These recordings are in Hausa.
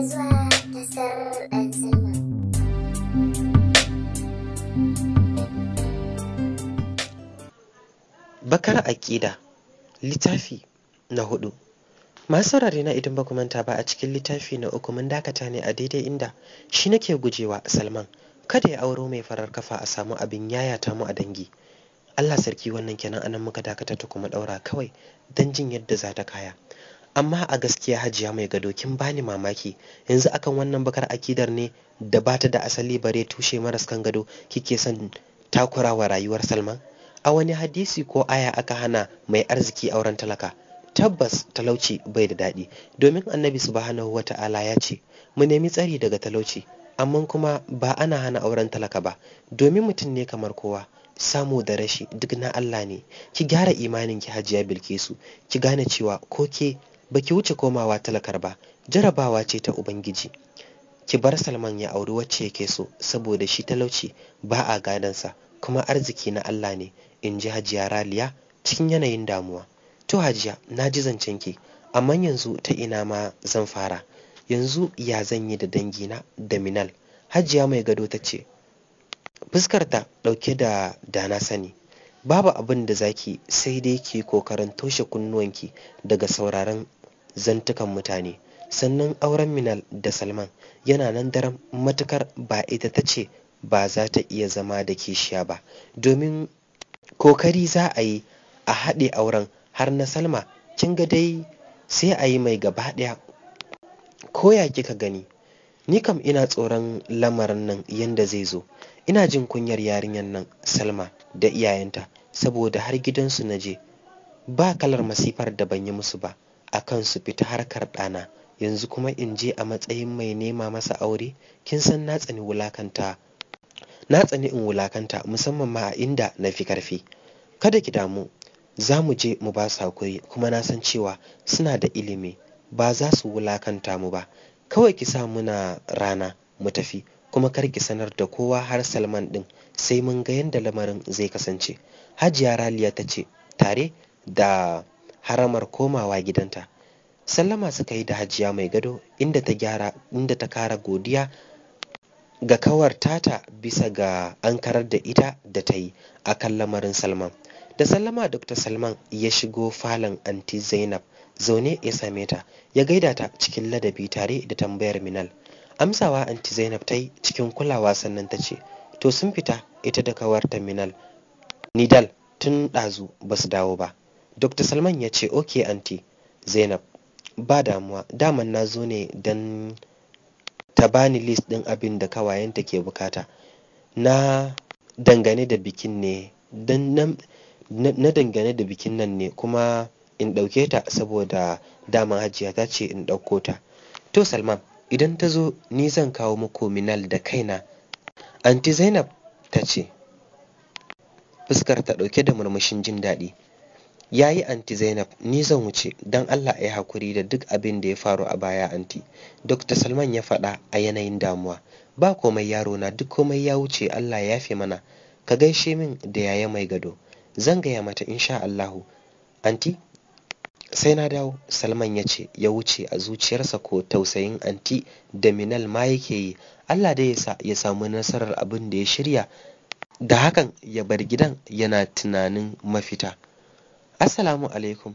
Bakar aƙida littafi na hudu masu saurari na idan baku manta ba a cikin littafi na uku mun dakata ne a daidai inda shi nake gujewa Salman kada ya auro mai farar kafa a samu abin yayata mu a dangi Allah sarki wannan kenan anan muka dakata ta kuma daura kawai don jin yadda za ta kaya Amma a gaskiya Hajiya Mai Gado kin bani mamaki. Yanzu akan wannan bakar akidar ne da bata da asali bare tushe maras kan gado kike son takurawa rayuwar Salman? A wani hadisi ko aya aka hana mai arziki auren talaka? Tabbas talauci bai da daɗi, domin Annabi subhanahu ta'ala ya ce, "Mu nemi tsari daga talauci, amma kuma ba ana hana auren talaka ba, domin mutum ne kamar kowa." samu da rashi duk na Allah ne ki gyara imanin ki Hajiya Bilkisu ki gane cewa koke. baki wuce komawa talakar ba jarabawa ce ta ubangiji ki bar salman ya auri wacce yake so saboda shi talauci ba a gadansa kuma arziki na allah ne in ji hajiya raliya cikin yanayin damuwa to hajiya na ji zancen ki amma yanzu ta ina ma zan fara yanzu ya zan yi da dangina da minal hajiya mai gado ta ce fuskarta ɗauke da dana sani babu abin da zaki sai dai ki kokarin toshe kunnuwanki daga sauraron zantukan mutane sannan auren minal da salman yana nan daren matukar ba ita ta ce ba za ta iya zama da kishiya ba domin kokari za a yi a haɗe auren har na salma kin ga dai sai a yi mai gaba ɗaya ko ya kika gani ni kam ina tsoron lamarin nan yadda zai zo ina jin kunyar yarinyar nan salma da iyayenta saboda har gidansu na je ba kalar masifar da ban yi musu ba a su fita harkar ɗana yanzu kuma in je a matsayin mai nema masa aure kin san na tsani wulakanta na tsani in wulakanta musamman ma a inda na fi karfi kada ki damu za mu je mu ba su hakuri kuma na san cewa suna da ilimi ba za su wulakanta mu ba kawai ki sa muna rana mu tafi kuma kar ki sanar da kowa har salman din sai mun ga yadda lamarin zai kasance hajiya raliya ta ce tare da haramar komawa gidanta sallama suka yi da hajiya mai gado inda ta gyara inda ta kara godiya ga kawar tata bisa ga an karar da ita da ta yi a kan lamarin salman da sallama dr salman ya shigo falon anti zainab zaune ya same ta ya gaida ta cikin ladabi tare da tambayar minal amsawa anti zainab ta yi cikin kulawa sannan ta ce to sun fita ita da kawarta minal nidal tun ɗazu ba su dawo ba dr salman ya ce ok anti zainab ba damuwa daman na zo ne don ta bani list ɗin abin da kawayenta ke bukata na dangane da bikin ne na dangane da bikin nan ne kuma in ɗauke ta saboda daman hajiya ta ce in ɗauko ta to salman idan ta zo ni zan kawo muku minal da kaina anti zainab ta ce fuskar ta ɗauke da murmushin jin daɗi ya yi anti zainab ni zan wuce don allah ya yi hakuri da duk abin da ya faru a baya anti dr salman ya faɗa a yanayin damuwa ba komai yaro na duk komai ya wuce allah ya fi mana ka gaishe min da yaya mai gado zan gaya mata insha allahu anti sai na dawo salman ya ce ya wuce a zuciyarsa ko tausayin anti da minal ma yake yi allah da ya samu nasarar abin da ya shirya da hakan ya bar gidan yana tunanin mafita Assalamu alaikum.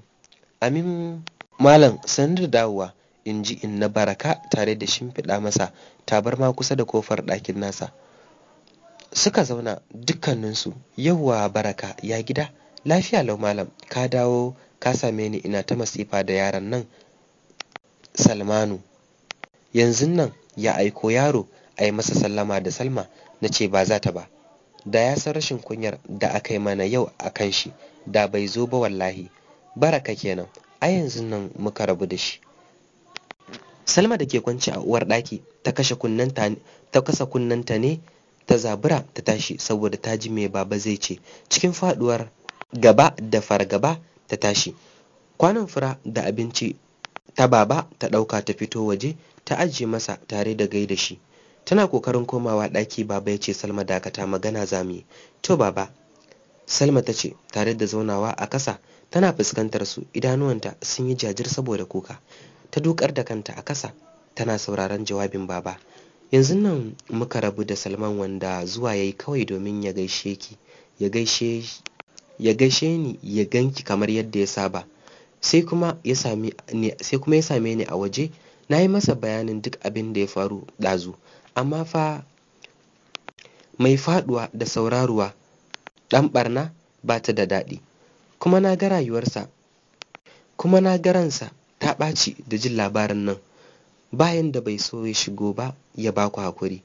Amin Malam sanar da dawowa in ji in na baraka tare da shimfiɗa masa tabarma kusa da kofar ɗakin nasa. Suka zauna dukkaninsu yawwa baraka ya gida lafiya lau malam ka dawo ka same ni ina ta masifa da yaran nan Salmanu. Yanzun nan ya aiko yaro a yi masa sallama da Salma na ce ba za ta ba da ya san rashin kunyar da aka yi mana yau a kan shi da bai zo ba wallahi baraka kenan a yanzu nan muka rabu da shi salma da ke kwance a uwar ɗaki ta kashe ta kasa kunnanta ne ta zabura ta tashi saboda ta ji mai baba zai ce cikin faduwar gaba da fargaba ta tashi kwanan fura da abinci ta baba ta ɗauka ta fito waje ta ajiye masa tare da gaida shi tana kokarin komawa ɗaki baba ya ce salma dakata magana zami to baba salma ta ce tare da zaunawa a ƙasa tana fuskantar su idanuwanta sun yi jajir saboda kuka ta dukar da kanta a ƙasa tana sauraron jawabin baba yanzu nan muka rabu da salman wanda zuwa ya yi kawai domin ya gaishe ki ya gaishe ni ya ganki kamar yadda ya saba sai kuma ya same ni a waje na yi masa bayanin duk abin da ya faru ɗazu amma fa mai faɗuwa da sauraruwa ɗan ɓarna ba ta da daɗi kuma na ga rayuwarsa kuma na ga ransa ta ɓaci da jin labarin nan bayan da bai so ya shigo ba ya ba ku hakuri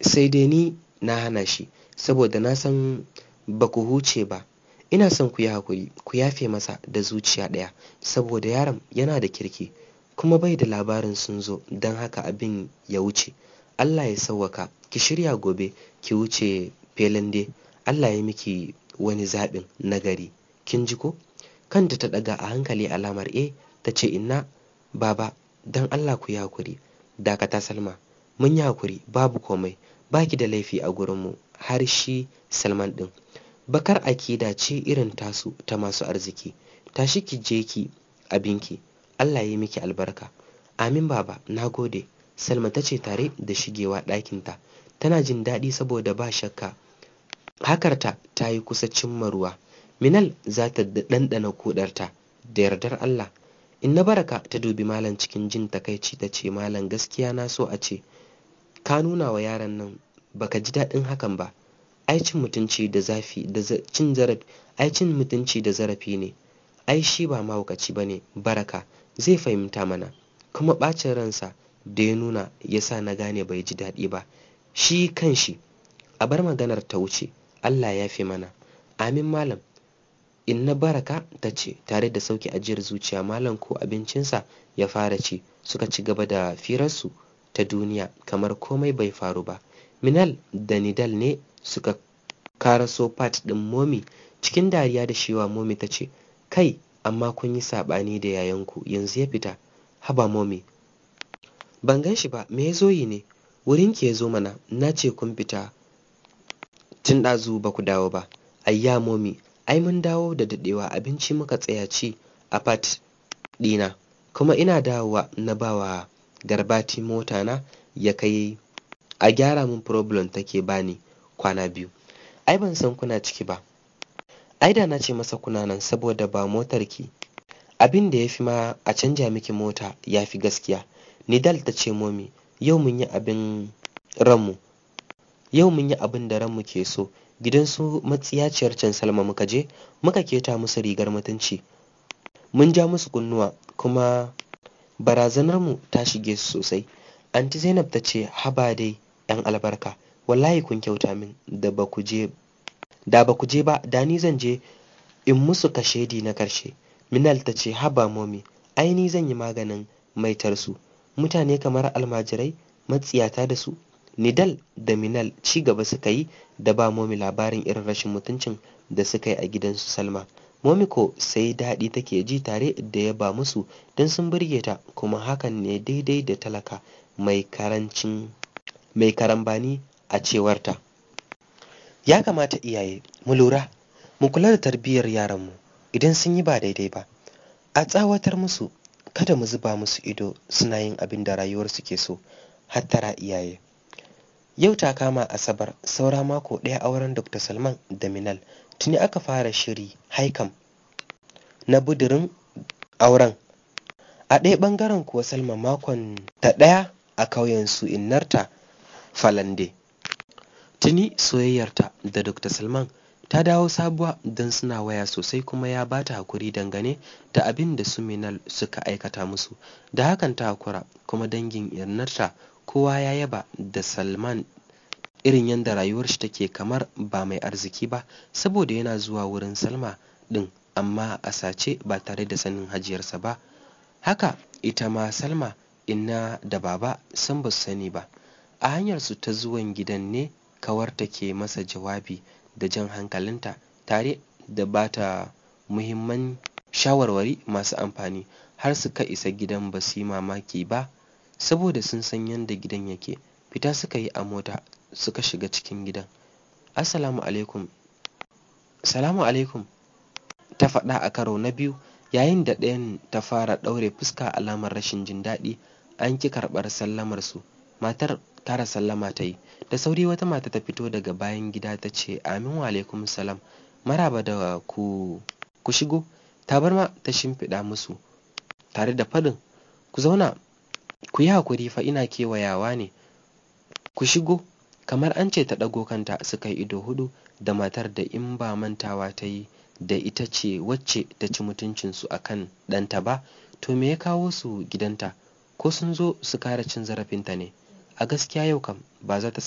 sai dai ni na hana shi saboda na san ba ku huce ba ina son ku yi hakuri ku yafe masa da zuciya ɗaya saboda yaron yana da kirki kuma bai da labarin sun zo don haka abin ya wuce Allah ya sauwaka ki shirya gobe ki wuce filin dai Allah ya miki wani zaɓin nagari kin ji ko kanta ta ɗaga a hankali alamar A. Eh, ta ce inna baba don Allah ku yi hakuri dakata salma mun yi hakuri babu komai baki da laifi a gurinmu har shi salman ɗin bakar akida ce irin tasu ta masu arziki tashi ki je ki abinki Allah ya yi miki albarka amin baba na gode salma ta ce tare da shigewa ɗakinta tana jin daɗi saboda ba shakka hakarta ta yi kusa cimma ruwa minal za ta ɗanɗana kuɗarta da yardar allah in na baraka ta dubi malam cikin jin takaici ta ce malam gaskiya na so a ce ka nuna wa yaran nan baka ji daɗin hakan ba ai mutunci da zafi da cin zarafi ai cin mutunci da zarafi ne ai shi ba mahaukaci bane baraka zai fahimta mana kuma ɓacin ransa da ya nuna ya sa na gane bai ji daɗi ba shi kan shi a bar maganar ta wuce allah ya fi mana amin malam in na baraka ta ce tare da sauki ajiyar zuciya malam ko abincinsa ya fara ci suka ci gaba da firarsu ta duniya kamar komai bai faru ba minal da nidal ne suka karaso pat ɗin momi cikin dariya da shewa momi ta ce kai amma kun yi saɓani da yayanku yanzu ya fita haba momi ban gan shi ba me ya zo yi ne wurin ki ya zo mana na ce kun fita tun ɗazu ba ku dawo ba ayya momi ai mun dawo da daɗewa abinci muka tsaya ci a fat ɗina kuma ina dawowa na bawa garbati mota na ya kai a gyara min problem take bani kwana biyu ai ban san kuna ciki ba ai da na ce masa kuna nan saboda ba motar ki abin da ya fi ma a canja miki mota ya fi gaskiya nidal ta ce momi yau mun yi abin ranmu yau mun yi abin da ranmu ke so gidan su matsiyaciyar can salma muka je muka keta musu rigar mutunci mun ja musu kunnuwa kuma barazanarmu ta shige su sosai anti zainab ta ce haba dai yan albarka wallahi kun kyauta min da ba ku je da ba ku je ba da ni zan je in musu kashedi na karshe minal ta ce haba momi ai ni zan yi maganin maitarsu mutane kamar almajirai matsiyata da su nidal da minal ci gaba suka yi da ba momi labarin irin rashin mutuncin da suka yi a gidansu salma momi ko sai daɗi take ji tare da ya ba musu don sun burge ta kuma hakan ne daidai da talaka mai karancin mai karambani a cewarta ya kamata iyaye mu lura mu kula da tarbiyyar yaranmu idan sun yi ba daidai ba a tsawatar musu kada mu zuba musu ido suna yin abin da rayuwar suke so hattara iyaye yau ta kama asabar saura mako ɗaya auren dr salman da minal tuni aka fara shiri haikam na budurin auren a ɗaya ɓangaren kuwa salma makon ta ɗaya a ƙauyen su innarta falande Tuni soyayyarta da Dr. Salman ta dawo sabuwa don suna waya sosai kuma ya ba ta haƙuri dangane da abin da suminal suka aikata musu. Da hakan ta hakura kuma dangin irnarta kowa ya yaba da Salman irin yadda rayuwar shi take kamar ba mai arziki ba saboda yana zuwa wurin Salma ɗin amma a sace ba tare da sanin hajiyarsa ba. Haka ita ma Salma inna da baba sun ba su sani ba. A hanyarsu ta zuwan gidan ne kawarta ke masa jawabi da jan hankalinta tare da ba ta muhimman shawarwari masu amfani har suka isa gidan ba su yi mamaki ba saboda sun san yadda gidan yake fita suka yi a mota suka shiga cikin gidan assalamu alaikum salamu alaikum ta faɗa a karo na biyu yayin da ɗayan ta fara ɗaure fuska alamar rashin jin daɗi an ki karɓar sallamarsu matar tara sallama ta yi da sauri wata mata ta fito daga bayan gida ta ce amin wa alaikum salam maraba da ku ku shigo ta bar ma ta shimfiɗa musu tare da faɗin ku zauna ku yi hakuri fa ina kewayawa ne ku shigo kamar an ce ta ɗago kanta suka yi ido hudu da matar da in ba mantawa ta yi da ita ce wacce ta ci mutuncinsu a kan ɗanta ba to me ya kawo su gidanta ko sun zo su kara cin zarafinta ne a gaskiya yau kam ba za ta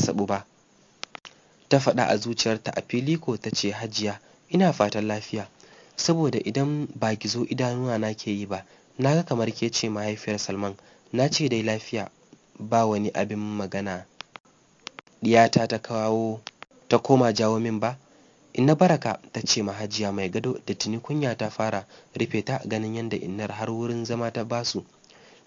sabu ba ta faɗa a zuciyarta a fili ko ta ce hajiya ina fatan lafiya saboda idan ba gizo idanuwa na ke yi ba na ga kamar ke ce mahaifiyar salman na ce dai lafiya ba wani abin magana diyata ta kawo ta koma jawo min ba ina baraka ta ce mahajiya mai gado da tuni kunya ta fara rufe ta ganin yadda innar har wurin zama ta basu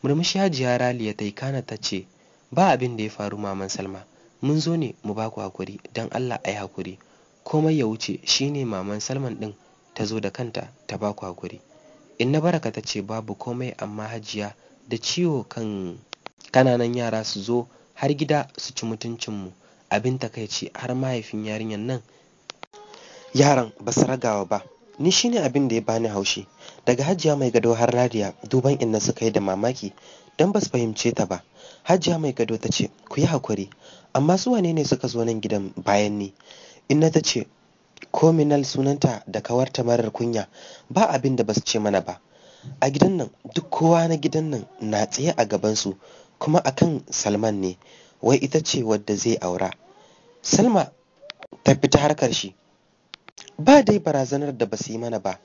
murmushi hajiya raliya ta yi kana ta ce ba abin da ya faru maman salma mun zo ne mu ba ku hakuri don allah a yi hakuri komai ya wuce shine maman salman din ta zo da kanta ta ba ku hakuri inna baraka ta ce babu komai amma hajiya da ciwo kan kananan yara su zo har gida su ci mutuncinmu abin takaici har mahaifin yarinyar nan yaran ba su ragawa ba ni shine abin da ya bani haushi daga hajiya mai gado har radiya duban inna suka yi da mamaki don ba su fahimce ta ba hajiya mai gado ta ce ku yi hakuri amma su wane ne suka zo nan gidan bayan ni inna ta ce kominal sunanta da kawarta marar kunya ba abin da ba su ce mana ba a gidan nan duk kowa na gidan nan na tsaye a gabansu kuma akan salman ne wai ita ce wadda zai aura salma ta fita harkar shi ba dai barazanar da ba su yi mana ba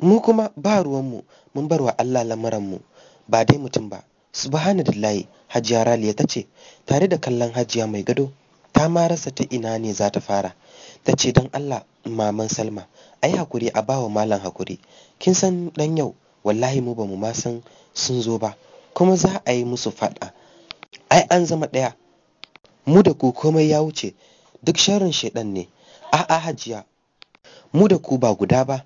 mu kuma ba ruwanmu mun bar wa Allah lamuranmu ba dai mutum ba subhanallahi hajiya raliya ta ce tare da kallon hajiya mai gado ta ma rasa ta ina ne za ta fara ta ce don Allah maman Salma ai hakuri a bawa malam hakuri kin san ɗan yau wallahi mu ba mu ma san sun zo ba kuma za a yi musu fada ai an zama ɗaya. mu da ku komai ya wuce duk sharrin shaidan ne a'a hajiya mu da ku ba guda ba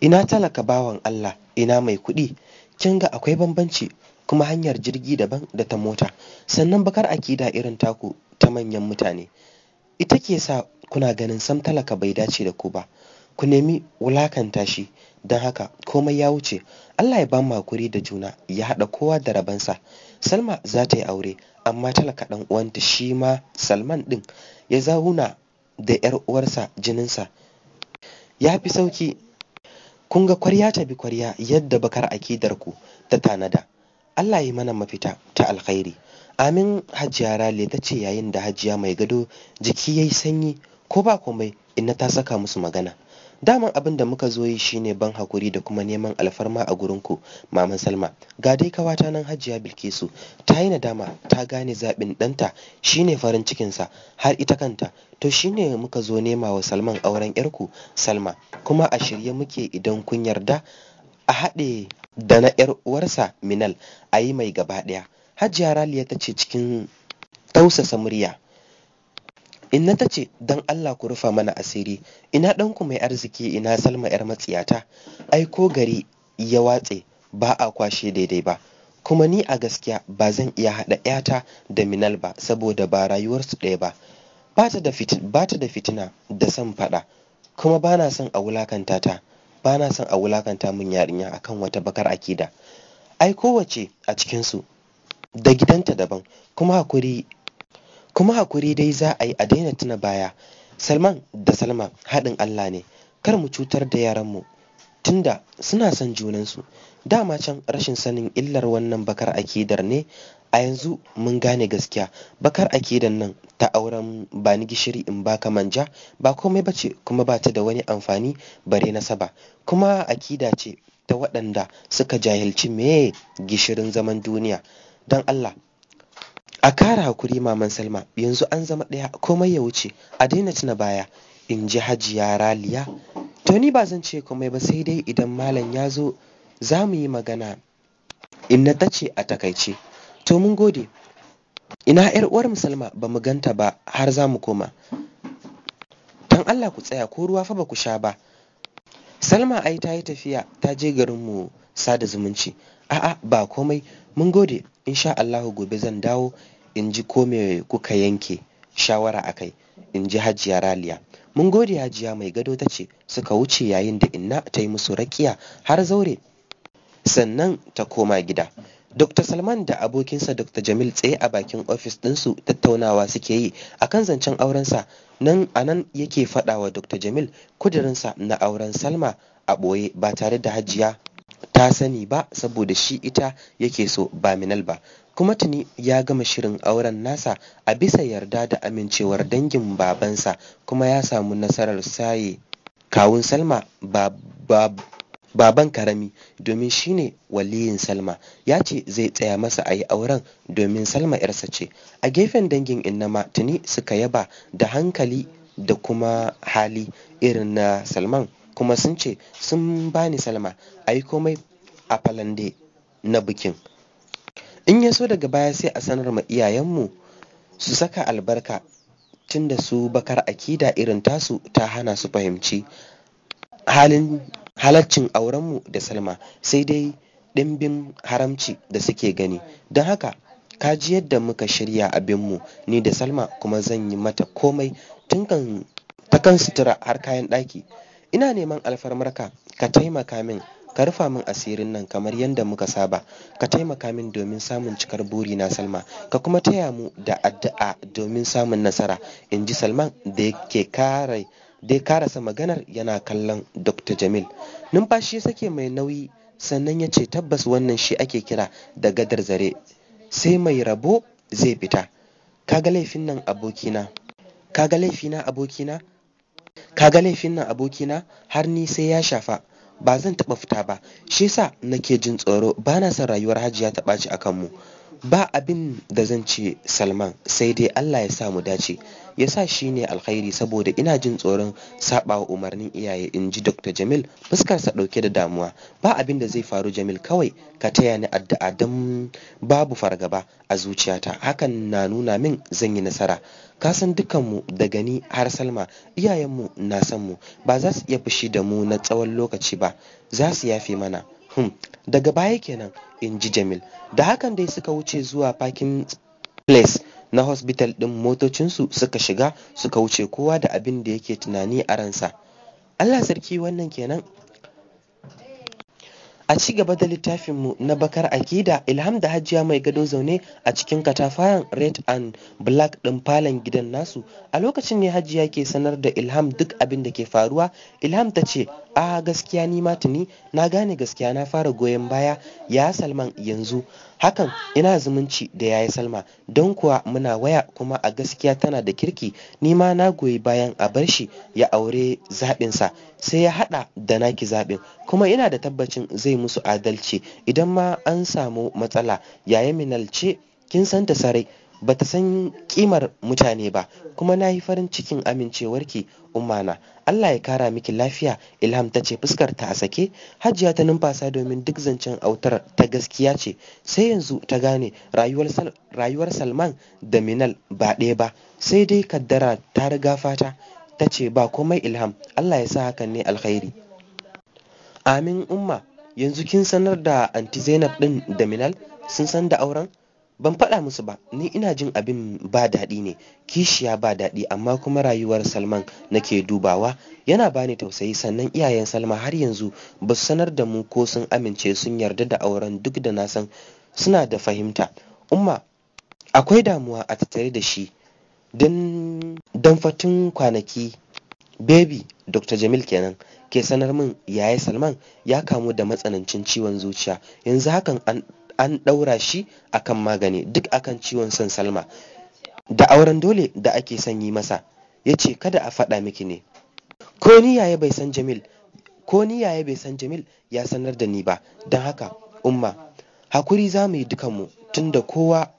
ina talaka bawan Allah ina mai kuɗi kin ga akwai bambanci kuma hanyar jirgi daban da ta mota sannan bakar akida irin taku ta manyan mutane ita ke sa kuna ganin sam talaka bai dace da ku ba ku nemi wulakanta shi don haka komai ya wuce Allah ya ba mu hakuri da juna ya haɗa kowa da rabansa Salma za ta yi aure amma talaka ɗan uwanta shi ma Salman ɗin ya zauna da 'yar uwarsa jininsa ya fi sauki kun ga kwarya ta bi kwarya yadda bakar akidar ku ta tanada Allah ya yi mana mafita ta alkhairi amin hajiya rale ta ce yayin da hajiya mai gado jiki yayi sanyi ko ba komai inna ta saka musu magana daman abin da muka zo yi shine ban hakuri da kuma neman alfarma a gurinku maman salma ga dai kawata nan hajiya bilkisu ta yi nadama ta gane zaɓin ɗanta shine farin cikinsa har ita kanta to shine muka zo nema wa salman auren yarku salma kuma a shirye muke idan kun yarda a haɗe da na yar uwarsa minal a yi mai gaba ɗaya hajiya raliya ta ce cikin tausasa murya Inna ta ce, Don Allah ku rufa mana asiri, ina ɗanku mai arziki ina Salma 'yar matsiyata, ai ko gari ya watse ba a kwashe daidai ba. Kuma ni a gaskiya ba zan iya haɗa 'yata da Minal ba saboda ba rayuwarsu ɗaya ba. Ba ta da fitina da son faɗa, kuma ba na son a wulakanta ta, ba na son a wulakanta min yarinya akan wata bakar akida. Ai kowace a cikinsu da gidanta daban, kuma hakuri kuma hakuri dai za a yi a daina tuna baya salman da salma haɗin allah ne kar mu cutar da yaranmu tunda suna son junansu dama can rashin sanin illar wannan bakar akidar ne a yanzu mun gane gaskiya bakar akidar nan ta auren ba ni gishiri in baka manja ba komai bace kuma ba ta da wani amfani bare na saba. kuma akida ce ta waɗanda suka jahilci meye gishirin zaman duniya don allah a kara hakuri maman salma yanzu an zama ɗaya komai ya wuce a daina tuna baya in ji hajiya raliya to ni ba zan ce komai ba sai dai idan malam ya zo za mu yi magana inna ta ce a takaice to mun gode ina yar uwar musalma ba mu ganta ba har za mu koma dan allah ku tsaya ko ruwa fa ba ku sha ba salma ai ta yi tafiya ta je garin mu sada zumunci a'a ba komai mun gode insha allahu gobe zan dawo in ji ko me kuka yanke shawara a kai in ji hajiya raliya mun gode hajiya mai gado ta ce suka wuce yayin da inna ta yi musu rakiya har zaure sannan ta koma gida Dr. Salman da abokinsa Dr. Jamil tsaye a bakin ofis ɗinsu tattaunawa suke yi akan zancen aurensa nan a nan yake faɗa wa Dr. Jamil kudirinsa na auren Salma a ɓoye ba tare da hajiya ta sani ba saboda shi ita yake so ba Minal ba. kuma tuni ya gama shirin auren nasa a bisa yarda da amincewar dangin babansa kuma ya samu nasarar saye kawun Salma baban karami domin shine waliyin Salma ya ce zai tsaya masa a yi auren domin Salma 'yarsa ce a gefen dangin innama tuni suka yaba da hankali da kuma hali irin na Salman kuma sun ce sun bani Salma a yi komai a falande na bikin in ya so daga baya sai a sanar ma iyayenmu su saka albarka tun da su bakar akida irin tasu ta hana su fahimci halin halaccin aurenmu da salma sai dai ɗimbin haramci da suke gani don haka ka ji yadda muka shirya abinmu ni da salma kuma zan yi mata komai tun kan ta kan sutura har kayan ɗaki ina neman alfarmarka ka taimaka min ka rufa min asirin nan kamar yadda muka saba ka taimaka min domin samun cikar buri na salma ka kuma taya mu da addu'a domin samun nasara in ji salman da yake kare dai karasa maganar yana kallon dr jamil numfashi ya sake mai nauyi sannan ya ce tabbas wannan shi ake kira da gadar zare sai mai rabo zai fita kaga laifin kaga laifin nan abokina har ni sai ya shafa ba zan taɓa fita ba shi yasa nake jin tsoro ba na son rayuwar hajiya ta ɓaci a kanmu ba abin da zan ce salman sai dai allah ya sa mu dace Ya sa shi ne alkhairi saboda ina jin tsoron saɓawa umarnin iyaye in ji Dr. Jamil fuskarsa ɗauke da damuwa ba abin da zai faru Jamil kawai ka taya ni addu'a don babu fargaba a zuciyata hakan na nuna min zan yi nasara ka san dukanmu da gani har Salma iyayenmu na san mu ba za su iya fushi da mu na tsawon lokaci ba za su yafe mana hmm. daga baya kenan in ji Jamil da hakan dai suka wuce zuwa parking place na hospital ɗin motocinsu suka shiga suka wuce kowa da abin da yake tunani a ransa allah sarki wannan kenan a ci gaba da littafinmu na bakar akida ilham da hajiya mai gado zaune a cikin katafaren red and black ɗin falon gidan nasu a lokacin ne hajiya ke sanar da ilham duk abin da ke faruwa ilham ta ce a gaskiya ni ma tuni na gane gaskiya na fara goyon baya ya salman yanzu hakan ina zumunci da ya yi salma don kuwa muna waya kuma a gaskiya tana da kirki ni ma na goyi bayan a bar shi ya aure zaɓinsa sai ya haɗa da naki zaɓin kuma ina da tabbacin zai musu adalci idan ma an samu matsala yayin minal ce kin santa sarai ba ta san kimar mutane ba kuma na yi farin cikin amincewarki umana Allah ya kara miki lafiya ilham ta ce fuskar ta a sake hajiya ta numfasa domin duk zancen autar ta gaskiya ce sai yanzu ta gane rayuwar salman da minal ba ɗaya ba sai dai kaddara ta riga fata ta ce ba komai ilham Allah ya sa hakan ne alkhairi amin umma yanzu kin sanar da anti zainab din da minal sun san da auren ban faɗa musu ba ni ina jin abin ba daɗi ne kishiya ba daɗi amma kuma rayuwar salman nake dubawa yana bani tausayi sannan iyayen salma har yanzu ba su sanar da mu ko sun amince sun yarda da auren duk da na san suna da fahimta umma akwai damuwa a tattare da shi don fatun kwanaki baby dr jamil kenan ke sanar min yaya salman ya kamu da matsanancin ciwon zuciya yanzu hakan an an ɗaura shi akan magani duk akan ciwon san salma da auren dole da ake son yi masa ya ce kada a faɗa miki ne ko ni yaya bai san jamil ya sanar da ni ba don haka umma hakuri za mu yi dukanmu tunda kowa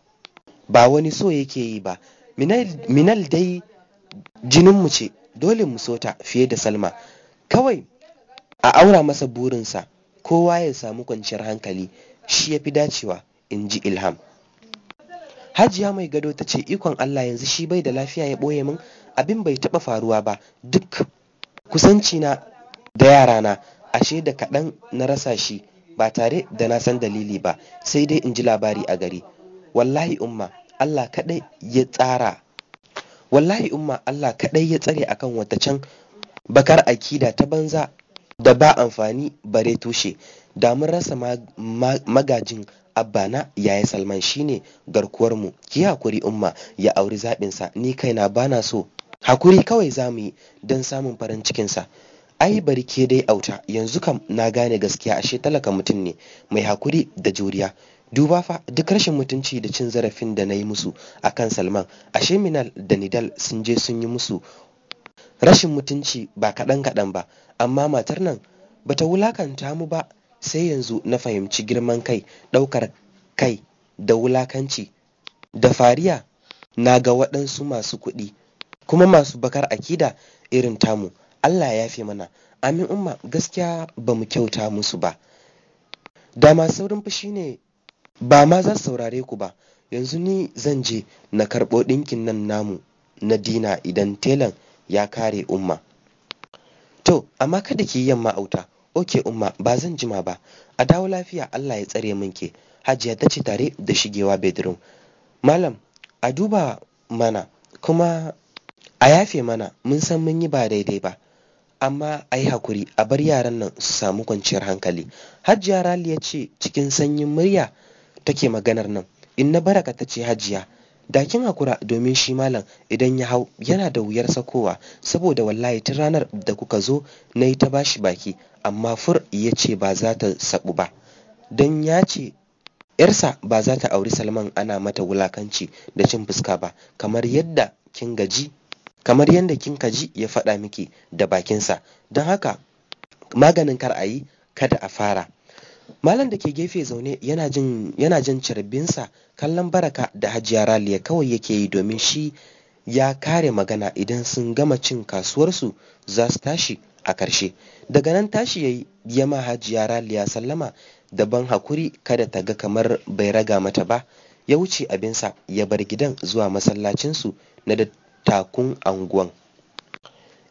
ba wani so yake yi ba minal dai jininmu ce dole mu sota, fiye da salma kawai a aura masa burinsa kowa ya samu kwanciyar hankali shi ya fi dacewa in ji ilham hajiya mai gado ta ce ikon allah yanzu shi bai da lafiya ya ɓoye min abin bai taɓa faruwa ba duk kusanci na da yarana ashe da kaɗan na rasa shi ba tare da na san dalili ba sai dai in ji labari a gari wallahi umma allah kaɗai ya tsara wallahi umma allah kaɗai ya tsare akan wata can bakar akida ta banza da ba amfani bare tushe Da mun rasa magajin Abbana yaya Salman shine garkuwar mu. ki hakuri umma ya auri zaɓinsa ni kaina bana so. Hakuri kawai za mu yi don samun farin cikinsa. Ai bari ke dai auta yanzu kam na gane gaskiya ashe talaka mutum ne mai hakuri da juriya. Duba fa duk rashin mutunci da cin zarafin da na yi musu akan Salman ashe Minal da Nidal sun je sun yi musu rashin mutunci ba kaɗan kaɗan ba amma matar nan bata wulakanta mu ba Sai yanzu na fahimci girman kai, ɗaukar kai da wulakanci da fariya na ga waɗansu masu kuɗi kuma masu bakar akida irin tamu. Allah ya fi mana. Amin umma gaskiya ba mu kyauta musu ba. Da masu saurin fushi ne ba ma za su saurare ku ba. Yanzu ni zan je na karɓo ɗinkin nan namu na dina idan telan ya kare umma. To, amma kada ki yi yamma auta, Oke umma ba zan jima ba. A dawo lafiya Allah ya tsare min ke. Hajiya ta ce tare da shigewa bedroom. Malam, a duba mana kuma a yafe mana mun san mun yi ba daidai ba. Amma a yi hakuri a bar yaran nan su samu kwanciyar hankali. Hajiya Rali ya ce cikin sanyin murya take maganar nan. Inna baraka ta ce hajiya. Dakin hakura domin shi malam idan ya hau yana da wuyar sakowa saboda wallahi tun ranar da kuka zo na yi ta bashi baki amma fur ya ce ba za ta saɓu ba don ya ce yarsa ba za ta auri salman ana mata wulakanci da cin fuska ba kamar yadda kin gaji kamar yadda kin kaji ya faɗa miki da bakinsa don haka maganin kar a yi kada a fara Malam da ke gefe zaune yana jin cirbinsa kallon baraka da hajiya raliya kawai yake yi domin shi ya kare magana idan sun gama cin kasuwarsu za su tashi a ƙarshe. daga nan tashi ya yi ma hajiya raliya sallama da ban hakuri kada ta ga kamar bai raga mata ba ya wuce abinsa ya bar gidan zuwa masallacinsu na dattakun anguwan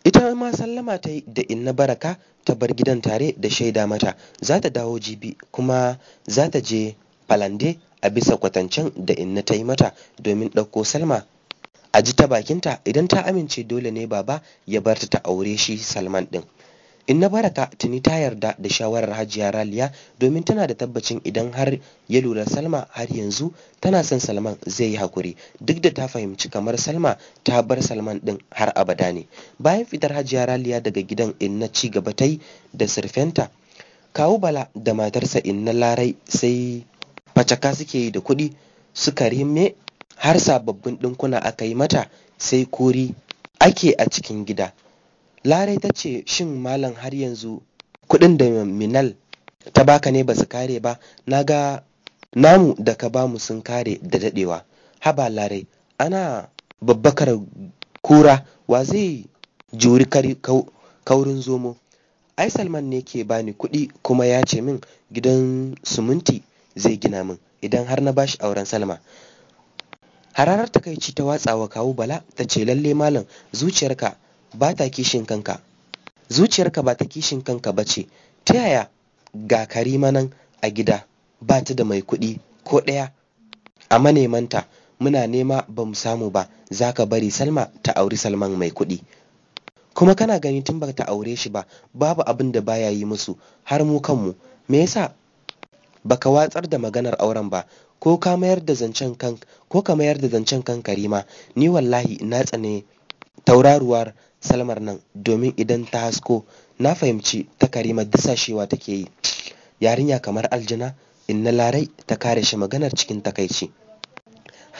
Ita ma sallama ta yi da Inna Baraka ta bar gidan tare da shaida mata za ta dawo jibi kuma za ta je Falande a bisa kwatancen da Inna ta yi mata domin ɗauko Salma a ji ta bakinta idan ta amince dole ne Baba ya bar ta ta aure shi Salman ɗin. Inna Baraka tuni ta yarda da shawarar Hajiya Raliya domin tana da tabbacin idan har ya lura Salma har yanzu tana son Salman zai yi hakuri, duk da ta fahimci kamar Salma ta bar Salman ɗin har abada ne. Bayan fitar Hajiya Raliya daga gidan Inna ci gaba ta da surfenta. Kawu Bala da matarsa Inna Larai sai facaka suke yi da kuɗi suka rime har sababbin ɗinkuna aka yi mata sai kori ake a cikin gida. Larai ta ce shin malam har yanzu kuɗin da Minal ta baka ne ba su kare ba na ga namu da ka bamu sun kare da daɗewa. Haba Larai ana babbakar kura wa zai juri kaurin zomo. Ai Salman ne ke bani kuɗi kuma ya ce min gidan suminti zai gina min idan har na bashi auren Salma. Hararar takaici ta watsawa kawo Bala ta ce lalle malam zuciyarka ba ta kishin kanka zuciyarka ba ta kishin kanka ba ce ta yaya ga karima nan a gida ba ta da mai kuɗi ko ɗaya a manemanta muna nema ba mu samu ba za ka bari salma ta auri salman mai kuɗi kuma kana gani tun ba ta aure shi ba babu abin da baya yi musu har mu kanmu me yasa baka watsar da maganar auren ba ko ka mayar da zancen kan ko ka mayar da zancen kan karima ni wallahi na tsane Tauraruwar Salmar nan domin idan ta hasko, na fahimci ta Karima dusashewa take yi, yarinya kamar aljina Inna Larai ta kare shi maganar cikin takaici.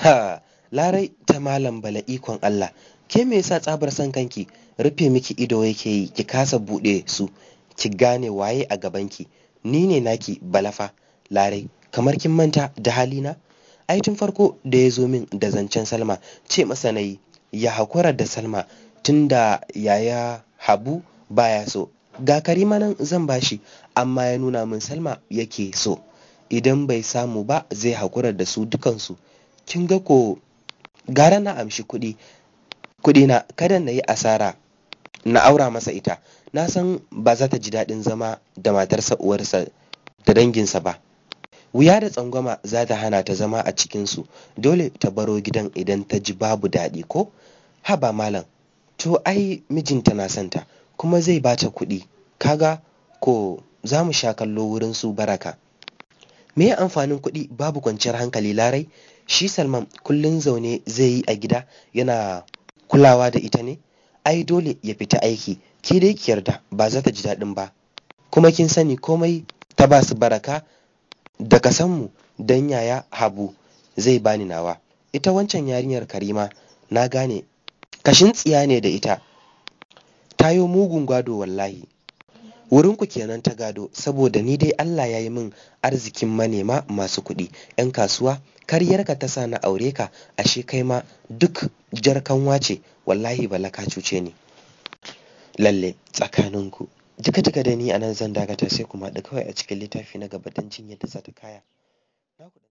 Ha! Larai ta malam bala ikon Allah, ke me yasa tsabar san kanki rufe miki ido yake yi ki kasa buɗe su ki gane waye a gabanki ni ne naki balafa larai kamar kin manta da halina ai tun farko da ya zo min da zancen salma ce masa nayi ya hakura da Salma tunda yaya Habu baya so. Ga Karima nan zan bashi amma ya nuna min Salma yake so. Idan bai samu ba zai hakura da su dukansu. Kin ga ko gara na amshi kuɗi kuɗi na kada na yi asara na aura masa ita na san ba za ta ji daɗin zama da matarsa uwarsa da danginsa ba wuya da tsangwama za ta hana ta zama a cikinsu dole ta baro gidan idan ta ji babu daɗi ko haba malam to ai mijinta na santa kuma zai bata kuɗi kaga ko za mu sha kallo wurin su baraka me amfanin kuɗi babu kwanciyar hankali larai shi salman kullum zaune zai yi a gida yana kulawa da ita ne ai dole ya fita aiki ki dai ki yarda ba za ta ji daɗin ba kuma kin sani komai ta ba su baraka Da mu don Yaya Habu zai bani nawa, ita wancan yarinyar Karima na gane kashin tsiya ne da ita, ta mugun gado wallahi. Wurin ku kenan ta gado saboda ni dai Allah ya yi min arzikin manema masu kuɗi, 'yan kasuwa, karyarka ta sa na aure ka, ashe kai ma duk jar kanwa ce, wallahi Bala ka cuce ni. Lalle tsakaninku. Duka-duka da ni a nan zan dakata sai kuma haɗu kawai a cikin littafi na gaba don jin yadda za ta kaya.